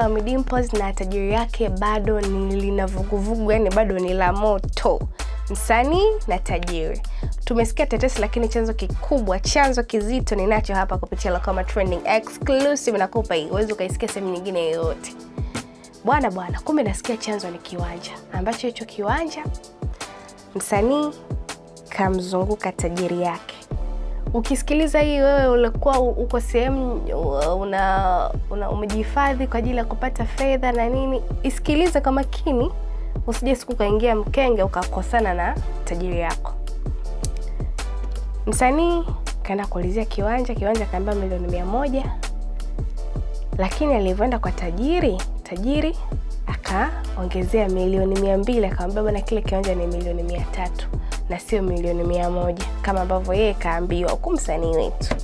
Ommy Dimpoz na tajiri yake bado ni lina vuguvugu, yani bado ni la moto. Msanii na tajiri, tumesikia tetesi, lakini chanzo kikubwa, chanzo kizito ninacho hapa kupitia Lokoma Trending exclusive, nakupa hii, uweze ukaisikia sehemu nyingine yoyote. Bwana bwana, kumbe nasikia chanzo ni kiwanja ambacho hicho kiwanja msanii kamzunguka tajiri yake. Ukisikiliza hii wewe ulikuwa uko sehemu una, una umejihifadhi kwa ajili ya kupata fedha na nini, isikilize kwa makini, usije siku ukaingia mkenge ukakosana na tajiri yako. Msanii kaenda kuulizia kiwanja, kiwanja kaambia milioni mia moja, lakini alivyoenda kwa tajiri, tajiri akaongezea milioni mia mbili, akawambia bana kile kiwanja ni milioni mia tatu na sio milioni mia moja kama ambavyo yeye kaambiwa, huku msanii wetu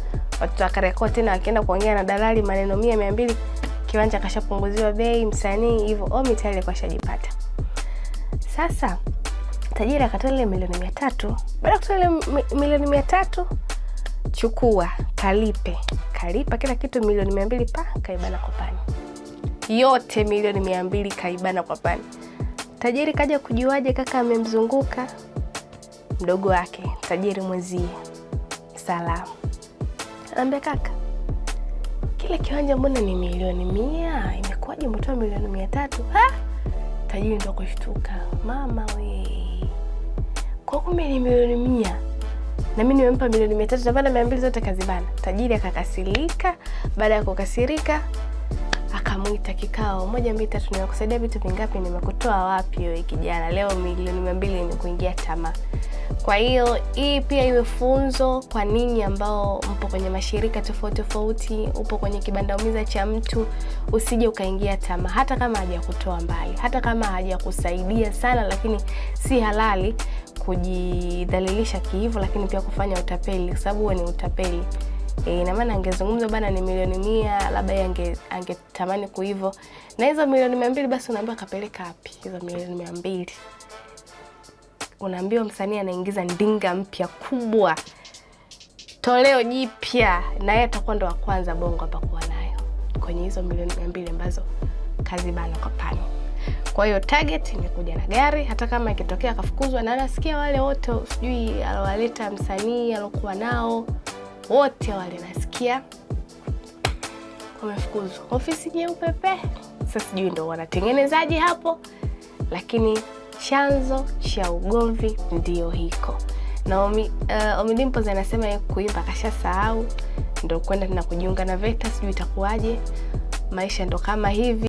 watoto akarekodi tena, wakienda kuongea na dalali maneno mia mia mbili, kiwanja kashapunguziwa bei, msanii hivyo omi tayari kashajipata. Sasa tajiri akatoa ile milioni mia tatu. Baada ya kutoa ile milioni mia tatu, chukua kalipe, kalipa kila kitu milioni mia mbili pa kaibana kwa pani yote milioni mia mbili kaibana kwa pani. Tajiri kaja kujuaje kaka amemzunguka mdogo wake tajiri mwenzie Salamu anaambia kaka, kile kiwanja mbona ni milioni mia, imekuwaje umetoa milioni mia tatu? Ha, tajiri ndo kushtuka, mama we, kwa kumbe ni milioni mia na mi nimempa milioni mia tatu na bana mia mbili zote kazibana. Tajiri akakasirika. Baada ya kukasirika akamwita kikao, moja mbili tatu, nimekusaidia vitu vingapi, nimekutoa wapi wewe kijana, leo milioni mia mbili kuingia tamaa. Kwa hiyo hii pia iwe funzo kwa ninyi ambao mpo kwenye mashirika tofauti tofauti, upo kwenye kibandaumiza cha mtu, usije ukaingia tamaa, hata kama hajakutoa mbali, hata kama hajakusaidia sana, lakini si halali kujidhalilisha kihivo, lakini pia kufanya utapeli, kwa sababu huo ni utapeli. E, na maana angezungumza bana ni milioni mia labda yeye angetamani ange, kuivo Na hizo milioni mia mbili basi unaambiwa kapeleka wapi hizo milioni mia mbili? Unaambiwa msanii anaingiza ndinga mpya kubwa, toleo jipya, na yeye atakuwa ndo wa kwanza bongo hapa kuwa nayo kwenye hizo milioni mia mbili ambazo kazi bana kwa pano. Kwa hiyo target ni kuja na gari, hata kama ikitokea akafukuzwa. Na nasikia wale wote sijui alowaleta msanii alokuwa nao wote wale nasikia wamefukuzwa ofisi nyeupe pe. Sasa sijui ndo wanatengenezaji hapo, lakini chanzo cha ugomvi ndio hiko. Na eh, Ommy Dimpoz uh, anasema kuimba kuimba kashasahau, ndo kwenda na kujiunga na VETA, sijui itakuwaje. Maisha ndo kama hivi.